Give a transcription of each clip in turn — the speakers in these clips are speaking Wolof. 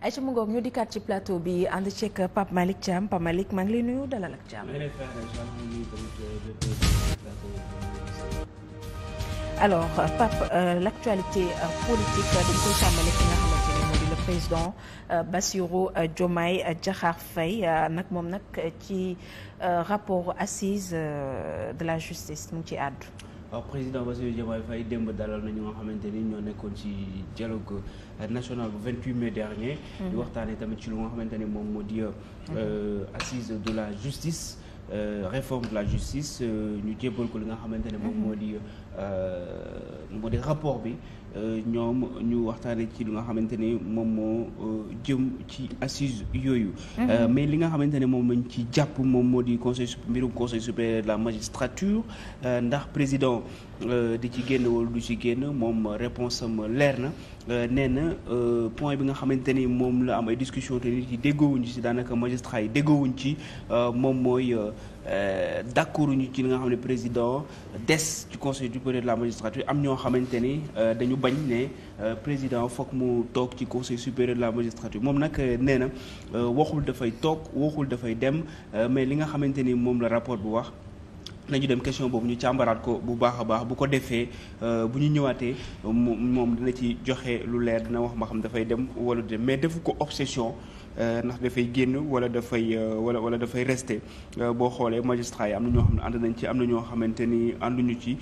ay ci mu ngoog ñu dikkaat ci plateau bi ànd ceeg Pape Malick Thiam Pape Malick ngi lay nuyu dalal ak Thiam. alors euh, Pape euh, l'actualité euh, politique euh, dañ koy tàmbali ki nga xamante ne di le président euh, Bassirou euh, Diomaye Diakhar nag moom nag ci rapport assise de la justice mu ci àddu. waaw président Bassirou Diomaye Faye démb dalal nañu ñu nga xamante ni ñoo nekkoon ci dialogue euh, national bu 28 mai dernier di waxtaanee tamit ci lu nga xamante ni moom moo di euh, euh, assise du la justice réforme de la justice ñu jébbal ko li nga xamante ne moom moo di Euh, moo di rapport bi euh, ñoom ñu waxtaanee ci lu nga xamante ni moom moo euh, jëm ci assise yooyu. Mhm. mais li nga xamante ne moom lañ ci jàpp moom moo di conseil mbirum conseil supérieur de la magistrature ndax président di ci génn wala du ci génn moom réponse am leer na nee na point bi nga xamante ni moom la am ay discussion te nit yi déggoowuñ ci daanaka magistrat yi déggoowuñ ci moom mooy. Euh, d'accord ñu ci li nga xam ne président des ci conseil supérieur de la magistrature am ñoo xamante ni euh, dañu bañ ne euh, président foog mu toog ci conseil supérieur de la magistrature moom nag nee na waxul dafay toog waxul dafay dem mais li nga xamante ni moom la rapport bu wax nañu dem question boobu ñu càmbaraat ko bu baax a baax bu ko defee bu ñu ñëwaatee moom dina ci joxe lu leer dina wax ma xam dafay dem wala dem mais defu ko obsession Euh, ndax dafay génn wala dafay euh, wala wala dafay rester euh, boo xoolee magistrat yi am na ñoo xam ne ànd nañ ci am na ñoo xamante ni ànduñu ci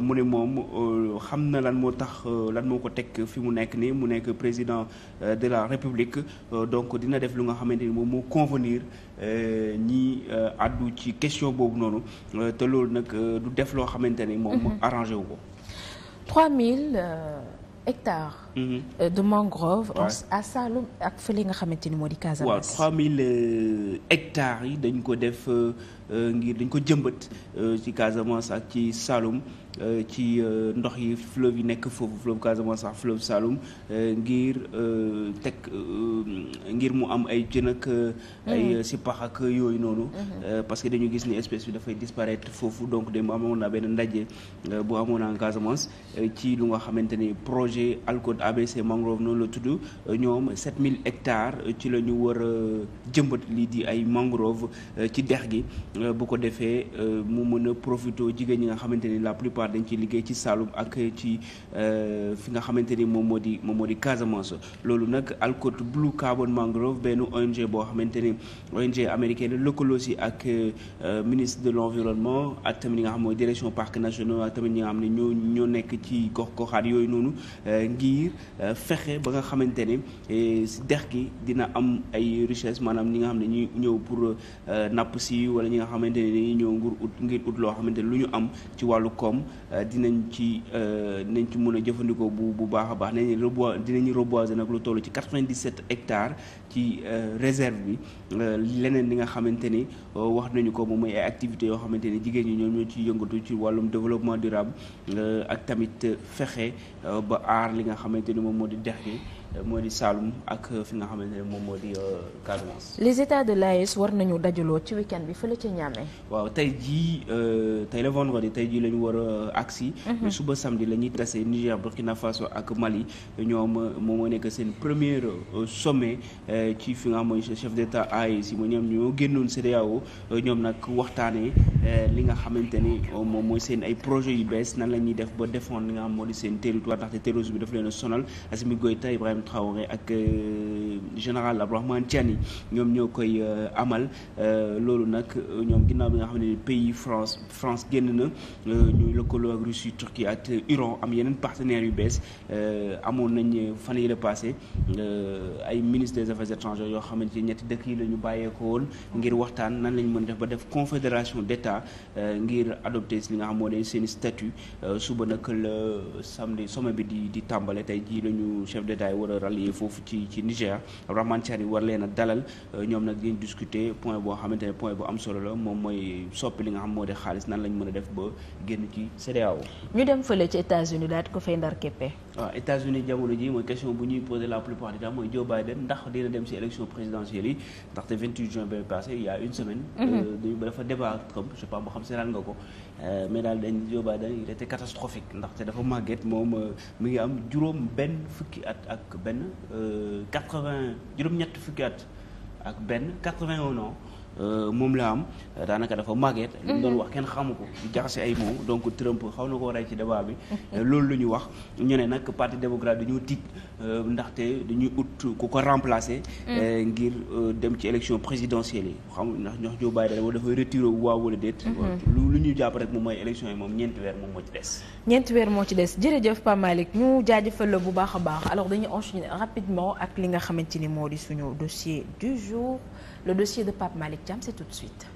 mu ne moom xam na lan moo tax lan moo ko teg fi mu nekk nii mu nekk président de la république donc dina def lu nga xamante ni moom moo convenir ñi àddu ci question boobu noonu te loolu nag du def loo xamante ni moom mhm. arrangé wu ko hectares. Mhm. Euh, de mangrove. waaw à Saloum ak fële nga xamante ni moo di Casamance. waaw euh, 3000 yi dañ ko def. Euh, Euh, ngir dañ ko jëmbat euh, ci Casamance ak ci Saloum euh, ci ndox yi fleuve yi nekk foofu fleuve Casamance ak fleuve Saloum ngir teg ngir mu am ay jën ak ay mhm. sipax ak yooyu noonu mhm. parce que dañu gis ni espèce bi dafay disparaître foofu donc de amoon naa benn ndaje bu amoon en Casamance ci lu nga xamante ni projet ALCOD ABC mangrove noonu la tudd ñoom mille hectare ci la ñu war a jëmbat lii di ay mangrove ci dex gi Euh, bu ko defee euh, mu mën a profité jigéen ñi nga xamante ni la plupart dañ ci liggéey ci Saloum ak ci euh, fi nga xamante ni moom moo di moom moo di Casamance loolu nag Alcott Blue Carbon Mangrove benn ONG boo xamante ni ONG américaine lëkkaloo si ak ministre de l'environnement ak tamit ñi nga xam mooy direction parc national ak tamit ni nga xam ne ñoo ñoo nekk ci gox goxaat yooyu noonu ngir fexe ba nga xamante ni si dex gi dina am ay richesse maanaam ni nga xam ne ñuy ñëw pour xamante ni dañuy ñëw nguur ut ngir ut loo xamante ni lu ñu am ci wàllu koom euh, dinañ ci euh, dinañ ci mun a jëfandikoo bu bu baax a baax ne dinañ rebois dinañ reboiser nag lu toll ci 97 hectares ci euh, réserve bi euh, leneen li nga xamante ni euh, wax nañu ko moom mooy ay activités yoo xamante ni jigéen ñi ñoom ñoo ci yëngatu ci wàllum développement durable ak tamit fexe ba aar li nga xamante ni moom moo di dex moo di Saloum ak fi nga xamante ne moom moo di Casamance. les états de l'AES war nañu dajaloo ci week-end bi fële ca Niamey. waaw tey jii tey la vendredi tey jii lañu war a agsi. Mhm. suba samdi la ñuy tase Niger Burkina Faso ak Mali ñoom moom moo nekk seen premier sommet. Eh, ci fi nga xam mooy chef d'état ay si mooy ñoom ñoo génnoon CEDEAO eh, ñoom nag waxtaanee eh, li nga xamante ni oh, moo mooy seen ay projets yu bees nan la ñuy def ba défendre li nga xam moo di seen territoire ndaxte terrorisme bi daf leen a sonal Assimi Goïta Ibrahima Traoré ak. général Abdourahmane Tiani ñoom ñoo koy euh, amal euh, loolu nag ñoom ginnaaw bi nga xam ne pays France France génn na euh, ñu lëkkaloo ak Russie Turquie ak Iran am yeneen partenaires yu bees amoon nañ fan yi la passé ay ministre des affaires étrangères yoo xamante ni ñetti dëkk yi la ñu bàyyeekoo woon ngir waxtaan nan lañ mën def ba def confédération d'État ngir adopté si li nga xam moo de seen statut suba nag le samedi sommet bi di di tàmbale tey jii la ñu chef d'État yi war a foofu ci ci Niger Abdourahmane Tiani war leen a dalal euh, ñoom nag dañ discuter point boo xamante ne point bu am solo la moom mooy soppi li nga xam moo di xaalis nan lañ mën a def ba génn ci CEDEAO ñu dem fële ci États-Unis daal di ko fay ndar képpe waaw euh, États-Unis jamono ji mooy question bu ñuy poser la plupart du temps mooy Joe Biden ndax dina dem ci élection présidentielle yi ndaxte 28 juin ba passé il y a une semaine. Mhm. Euh, dañu dafa débat ak Trump je pas moo xam seetaan nga ko euh, mais daal dañ Joe Biden il était catastrophique ndaxte dafa màgget moom mi ngi am juróom benn fukki at ak benn 80 juróom-ñett fukki at ak benn 81 ans. Euh, moom la am daanaka dafa màgget. li mu mhm. wax xamu ko jaxase ay mots donc Trump xaw na koo rey ci débat bi. Mhm. Euh, loolu lu ñu wax ñu ne nag parti démocrate dañoo tiit euh, ndaxte dañuy ut ku ko remplacer. Mhm. ngir dem ci élection présidentielle yi xam ndax ñoo Joe Biden wala dafay retiré waaw wala déet. lu lu ñu jàpp rek moom mooy élection yi moom ñeenti weer moom moo ci des. ñeenti weer moo ci des jërëjëf Pape Malick ñu jaajëfal la bu baax a baax alors dañuy enchaîner rapidement ak li nga xamante ni moo di suñu dossier du Le dossier de Pape Malick Thiam, c'est tout de suite.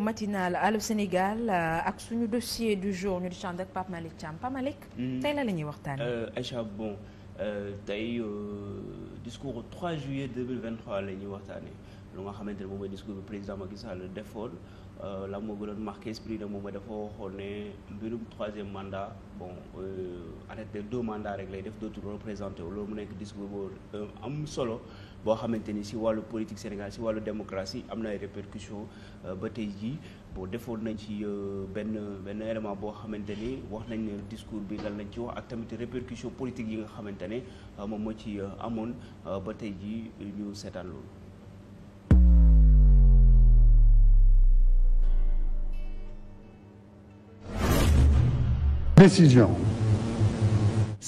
matinal Allô Sénégal euh, ak suñu dossier du jour ñu di ci ànd Pape Malick Thiam Pape Malick mm-hmm. la la ñuy waxtaan euh, Aïcha bon Euh, tey euh, discours 3 juillet 2023 la ñuy waxtaanee lu nga xamante ne moom mooy discours bi président Macky Sall defoon euh, la moo gënoon marqué esprit nag moo ma dafa waxoon ne mbirum troisième mandat bon arrêté deux mandats rek lay def dootul représenté wu loolu mu nekk discours boo am solo. boo xamante ni si wàllu politique Sénégal si wàllu démocratie am na ay répercussions euh, ba tey jii bon defoon nañ ci euh, benn benn élément boo xamante ni wax nañ ne discours bi lan lañ ci wax ak tamit répercussions politiques yi nga xamante ne euh, moom moo ci amoon ba tey jii ñu seetaan loolu.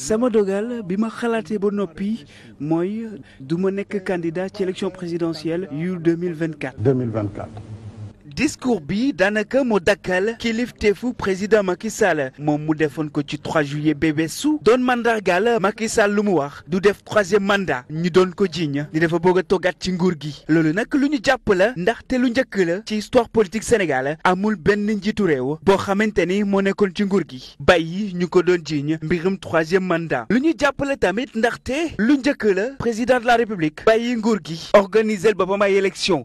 sama dogal bi ma xalaatee ba noppi mooy du ma nekk candidat ci élection présidentielle yu 2024. 2024. discours bi daanaka mu dakkal fu président Macky Sall moom mu defoon ko ci 3 juillet bébé su doon mandargaal Macky Sall lu mu wax du def troisième mandat ñu doon ko jiiñ ni dafa bëgg a toggaat ci nguur gi loolu nag lu ñu jàpp la ndaxte lu njëkk la ci histoire politique Sénégal amul benn njiitu réew boo xamante ni moo nekkoon ci nguur gi bàyyi ñu ko doon jiiñ mbirum troisième mandat lu ñu jàpp la tamit ndaxte lu njëkk la président de la république bàyyi nguur gi organiser boppam ay élection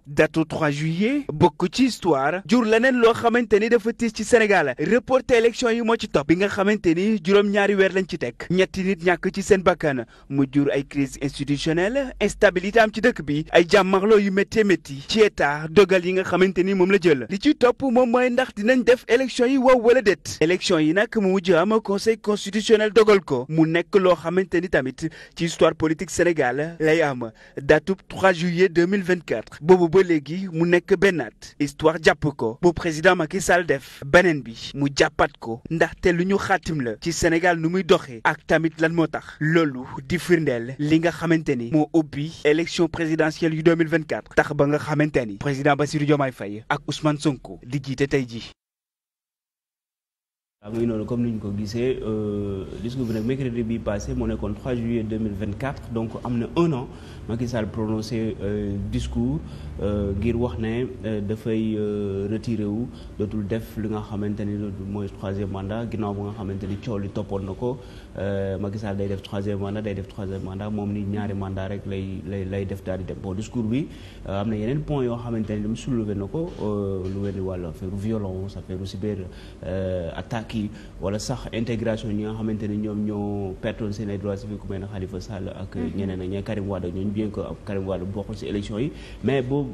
histoire jur leneen loo xamante ni dafa tiis ci Sénégal reporté élection yi moo ci topp bi nga xamante ni juróom-ñaari weer lañ ci tekk ñetti nit ñàkk ci seen bakkan mu jur ay crise institutionnelle instabilité am ci dëkk bi ay jàmmarloo yu métti métti ci état dogal yi nga xamante ni moom la jël li ci topp moom mooy ndax dinañ def élection yi waaw wala déet élection yi nag mu wujj ama conseil constitutionnel dogal ko mu nekk loo xamante ni tamit ci histoire politique Sénégal am datub 3 juillet 2024 boobu ba léegi mu nekk bennaat histoire sax jàpp ko bu président Macky Sall def beneen bi mu jàppat ko ndaxte lu ñu xaatim la ci Sénégal nu muy doxee ak tamit lan moo tax loolu di firndeel li nga xamante ni moo ubbi élection présidentielle yu 2024 tax ba nga xamante ni président Bassirou Diomaye fay ak Ousmane Sonko di jiite tey ji waaw ah muy noonu comme ni ñu ko gisee euh, discours bi nag mercredi bi passé moo nekkoon 3 juillet 2024 donc am na un an Macky Sall prononcé euh, discours euh, ngir wax ne dafay retiré wu dootul def li nga xamante ni mooy troisième mandat ginnaaw bi nga xamante ni coow li toppoon na ko Macky day def troisième mandat day def troisième mandat moom ni ñaari mandat rek lay lay lay def daal di dem bon discours bi am na yeneen point yoo xamante ni mu soulevé na ko lu wen ni wàllu affaire violence affaire cyber attaque kii wala sax intégration ñi nga xamante ne ñoom ñoo pertoon seen ay droits civiques ku mel ne Khalifa Sall ak mhm. ñeneen ak ñe Karim Wade ak ñooñu bien que Karim Wade bokkul ci élection yi mais boo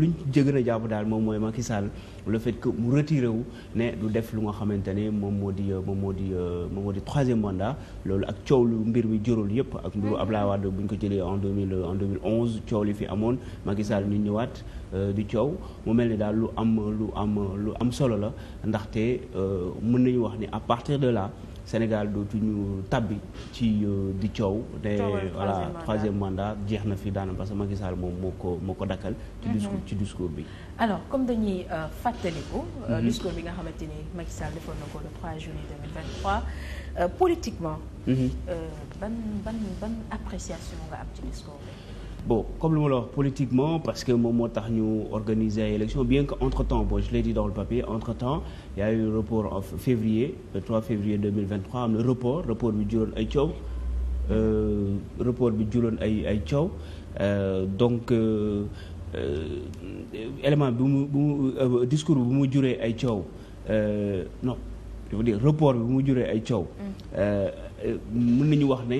luñ jëgën a jàpp daal moom mooy Macky Sall le fait que mu wu ne du def lu nga xamante ne moom moo di moom moo di moom moo di troisième mandat loolu ak coow lu mbir mi juróol yëpp ak mbiru mhm. Abdoulaye Wade bu ñu ko jëlee en 2000 en 2011 coow li fi amoon Macky Sall ñu ñëwaat Euh, di coow mu mel ni daal lu am lu am lu am solo la ndaxte euh, mën nañu wax ni à partir de là Sénégal dootuñu tabbi ci euh, di coow te voilà troisième mandat jeex na fi daanam parce que Macky Sall moom moo ko moo ko dakkal ci mhm. discours ci discours bi alors comme dañuy fàttaliku mhm. discours bi nga xamante ni Macky Sall defoon na ko le juillet politiquement mhm. ban ban appréciation nga am ci discours bon comme lu ma la wax politiquement parce que moom moo tax ñu organiser ay élection bien que entre temps bon je l'ai dit dans le papier entre temps y a eu report en février le 3 février am na report report bi juróon ay coow euh, report bi ay ay euh, donc euh, élément bi mu bu mu discours bi mu juree ay coow non je veux mu juree ay coow mm. wax ne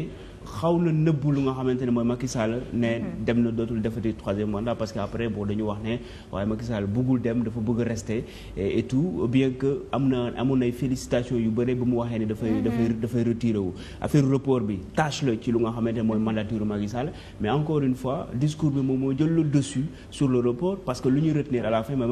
xaw na nëbbu lu nga xamante ne mooy Macky Sall ne mhm. na dootul defati troisième mandat parce que après bon dañu wax ne waaye Macky Sall bëggul dem dafa bëgg rester et tout bien que am na amoon ay félicitations yu bëri bu mu waxee ne dafay mhm. dafay dafay retiré wu affaire report bi tâche la ci lu nga xamante ne mooy mandature Macky Sall mais encore une fois moom moo jël le dessus sur parce que lu ñuy retenir à la fin mooy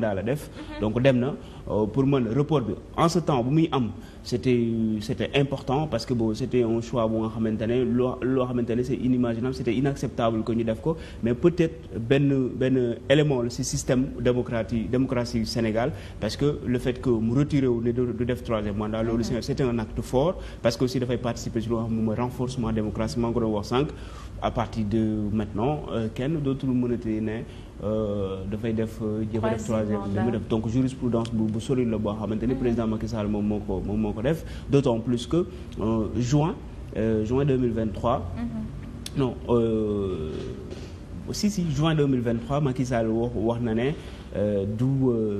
la def mhm. donc dem na euh, pour man report bi en ce temps bu muy am c'était c'était important parce que bon c'était un choix bu nga xamante ne loo loo xamante ne c'est inimaginable c'était inacceptable que ñu def ko mais peut-être benn benn élément la ci système démocratie démocratie Sénégal parce que le fait que mu retiré wu ne du def troisième mandat loolu c'était un acte fort parce que aussi dafay participer ci loo mooy renforcement démocratie maa ko doon wax sànq à partir de maintenant euh, kenn dootul mënati ne euh, dafay def euh, jëfa def troisième dama def donc jurisprudence bu bu solide la boo xamante ni mm-hmm. président Macky Sall moom moo ko moom moo ko def d'autant plus que juin juin 2023 mm-hmm. non si si juin 2023 Macky Sall wax wax na ne du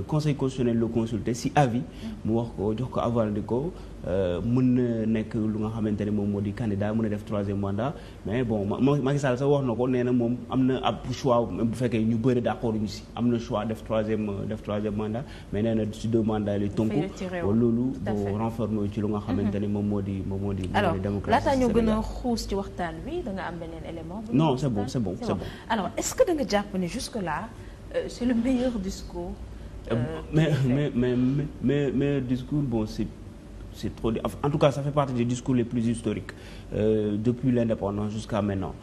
conseil constitutionnel le consulter si avis mm-hmm. mu wax ko jox ko aval di ko Euh, mën na nekk lu nga xamante ne moom moo di candidat mën a def troisième mandat mais bon Macky Sall sax wax na ko nee na moom am na ab choix bu fekkee ñu bëri d'accord ñu si am na choix def troisième euh, def troisième mandat mais nee na si deux mandats lay tënku loolu boo renfermé ci lu nga mhm. xamante ne moom moo di moom moo di alors laata ñu gën a xuus ci waxtaan wi da nga am beneen élément non c'est bon c'est bon c'est bon alors est-ce que da nga jàpp ne jusque là euh, c'est le meilleur discours mais mais mais mais meilleur discours bon c'est c'est trop en tout cas ça fait partie des discours les plus historiques euh, depuis l'indépendance jusqu'à maintenant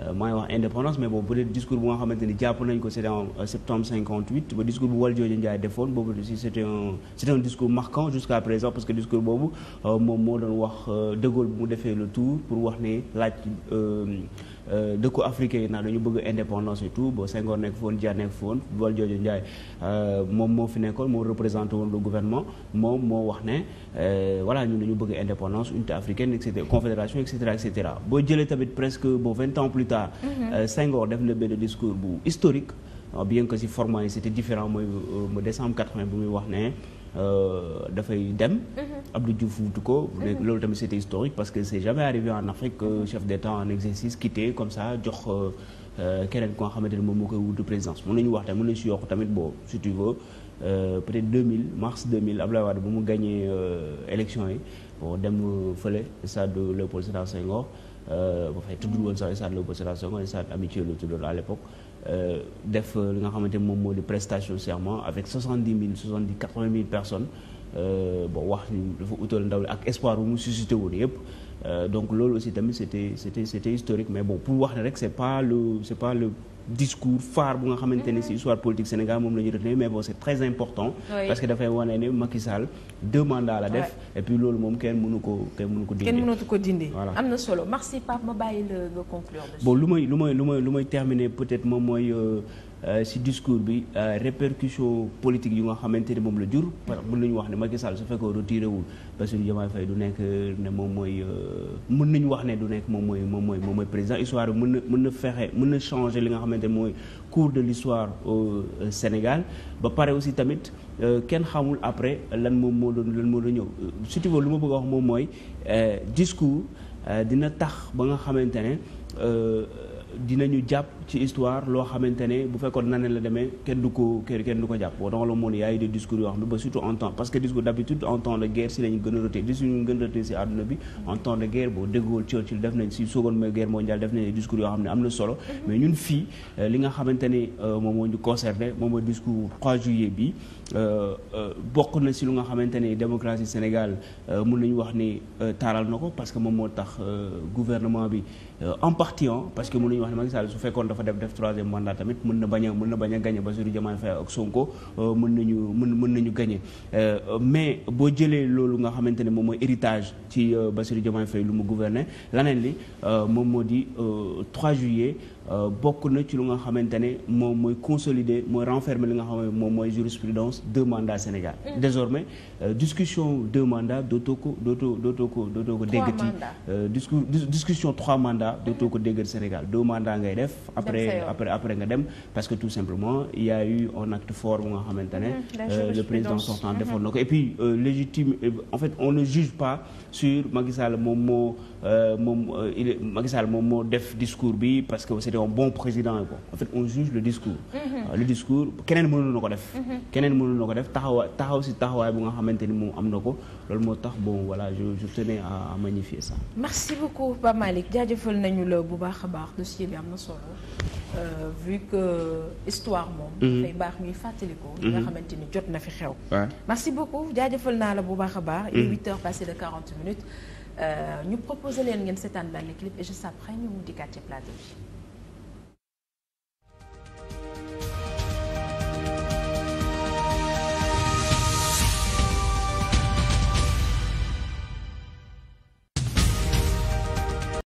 euh, maa ngi wax indépendance mais boobu peut-être discours bu nga xamante ni jàpp nañ ko c'était en euh, septembre 58 ba discours bu Valdiodio Ndiaye defoon boobu aussi c'était un c'était un discours marquant jusqu'à présent parce que discours boobu moom moo doon wax De bu mu defee le tour pour wax ne laaj Euh, dëkku africain yi naa dañu bëgg indépendance et tout ba Senghor nekk foon Dia nekk foon Valdiodio euh, moom moo fi nekkoon moo représenté woon le gouvernement moom moo wax ne euh, voilà ñun ñu bëgg indépendance unité africaine et cetera confédération et cetera boo jëlee tamit presque bon vingt ans plus tard. Mhm. Senghor def na benn discours bu historique bien que si format yi c'était différent mooy mu décembre quatre-vingt bu muy wax ne. Euh, dafay dem. Mhm. Abdou Diouf wutu ko. Mhm. loolu tamit c'était historique parce que c'est jamais arrivé en Afrique que euh, chef d'État en exercice quitté comme ça jox. Euh, keneen ko nga xamante ne moom moo koy wutu présidence mën nañu wax tamit mën nañu si yokk tamit boo si tu veux peut-être 2000 mars 2000 Abdoulaye Wade bu mu gagné élection yi bon dem fële stade Léopold Sédar Senghor Euh, ba fay tuddul woon sax stade Léopold Sédar Senghor stade Amitié la tuddoon à l'époque euh, def euh, li nga xamante moom moo di prestation serment avec soixante dix mille soixante dix quatre vingt mille personnes bon wax ni dafa utal ndaw li ak espoir bu mu suscité woon yëpp donc loolu aussi tamit c'était c'était historique mais bon pour wax ne rek c'est pas le c'est pas le discours phare bu nga xamante ne mm-hmm. si histoire politique Sénégal moom la ñu retenir mais bon c'est très important oui. parce que dafay wane ne Macky Sall deux mandats la def et puis loolu moom kenn mënu ko kenn mënu ko dindi kenn mënatu ko dindi am na solo merci Pape ma bàyyi la nga conclure bon lu may lu may terminer peut-être moom mooy euh, ci euh, discours bi euh, répercussion politique yu nga xamante ne moom la jur. mën nañu wax ne Macky Sall su fekkee retiré wul Bassirou Diomaye Faye du nekk euh, ne moom mooy mën nañu wax ne du nekk moom mooy moom mooy moom mooy président histoire bi mën na mën na fexe mën na changer li nga xamante ne mooy cours de l'histoire au Sénégal ba pare aussi tamit. kenn xamul après lan moom moo doon lan moo doon ñëw surtout lu ma bëgg a wax moom mooy discours dina tax ba nga xamante ne dinañu jàpp ci histoire loo xamante ne bu fekkoon naneen la demee kenn du ko kenn du ko jàpp boo tax la moon yaay des discours yoo xam ne ba surtout en temps parce que discours d'habitude en temps de guerre si lañu gën a roté discours ñu gën a roté si àdduna bi en temps yoo xam ne am na solo mais ñun fii euh, li nga xamante ne euh, moom moo ñu concerné moom mooy discours 3 juillet bi euh, bokk na si lu nga xamante ne démocratie Sénégal mun nañu wax ni taaral na ko parce que moom moo tax gouvernement bi Euh, en partant parce que mun mënuñu wax ne Macky Sall su fekkoon dafa def def troisième mandat tamit mën na bañ a mën na bañ a gagné Bassirou Diomaye Faye ak Sonko euh, mën nañu mën mën nañu gagné euh, mais boo jëlee loolu nga xamante ne moom mooy héritage ci Bassirou Diomaye Faye lu mu gouverner laneen li moom moo di 3 juillet Euh, bokk na ci lu nga xamante ne moom mooy consolider mooy renfermer li nga xam moom mooy jurisprudence deux mandats Sénégal. Mm. désormais euh, discussion deux mandats dootoo ko dootoo dootoo ko dootoo ko déggati. Euh, discu discussion trois mandats dootoo ko déggal Sénégal deux mandats ngay def. après après après nga dem parce que tout simplement il y a eu un acte fort nga xamante ne. Mm, le président sortant mm-hmm. defoon na ko et puis légitime en fait on ne juge pas sur Macky moom moo moo d'un bon président quoi en fait on juge le discours mhm. euh, le discours keneen mënul na ko def mhm. keneen mënul na ko def taxawa taxaw si taxawaay bu nga xamante ni moom am na ko loolu moo tax bon voilà je je tenais à magnifier ça merci beaucoup Pape Malick jaajëfal nañu la bu baax a baax dossier bi am na solo euh, vu que histoire moom mhm. dafay baax ngi fàttaliko li nga xamante ni jot na fi xew merci beaucoup jaajëfal naa la bu baax a baax il est huit heures passées de quarante minutes euh, leen ngeen et juste après ñu mu dikkaat ci plateau bi